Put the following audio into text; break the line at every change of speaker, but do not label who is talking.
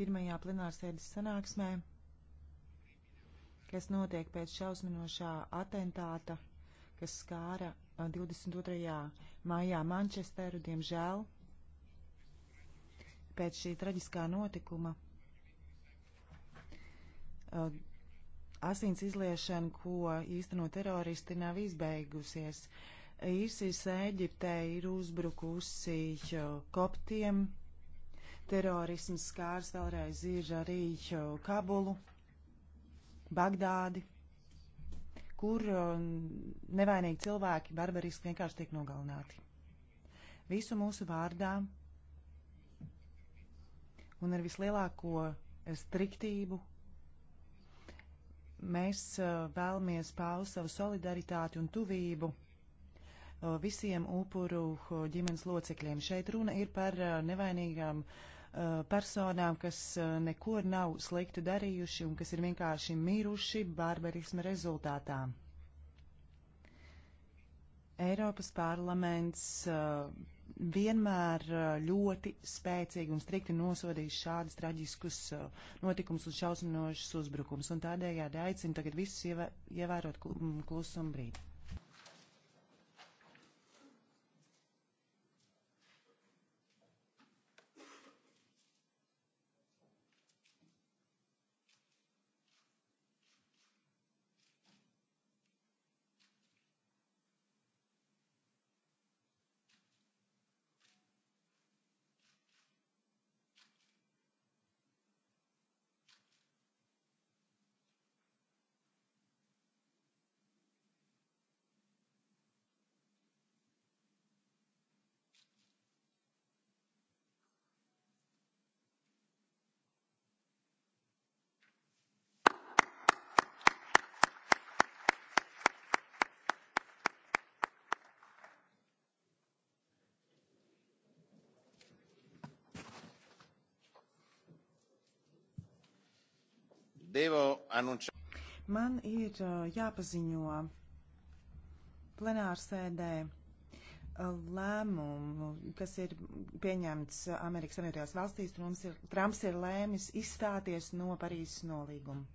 pirmajā plenārsēdes sanāksmē, kas notiek pēc šausminošā atentāta, kas skāra 22. Uh, maijā Manchesteru, diemžēl, pēc šī traģiskā notikuma. Uh, asins izliešana, ko īsteno teroristi, nav izbeigusies. ISIS Eģiptē ir uzbrukusi uh, koptiem, Terorisms skārs vēlreiz ir arī Kabulu, Bagdādi, kur um, nevainīgi cilvēki barbariski vienkārši tiek nogalināti. Visu mūsu vārdā un ar vislielāko striktību mēs uh, vēlamies paust savu solidaritāti un tuvību uh, visiem upuru uh, ģimenes locekļiem. Šeit runa ir par nevainīgām uh, Eh, personām, kas eh, neko nav sliktu darījuši un kas ir vienkārši miruši barbarisma rezultātā. Eiropas parlaments eh, vienmēr ļoti spēcīgi un strikti nosodījis šādus traģiskus notikumus un šausminošus uzbrukumus, un tādējādi aicinu tagad visus ievērot klusumu brīdi. Man ir uh, jāpaziņo plenārsēdē uh, lēmumu, kas ir pieņemts Amerikas Savienotajās valstīs. Trumps ir, Trumps ir lēmis izstāties no Parīzes nolīguma.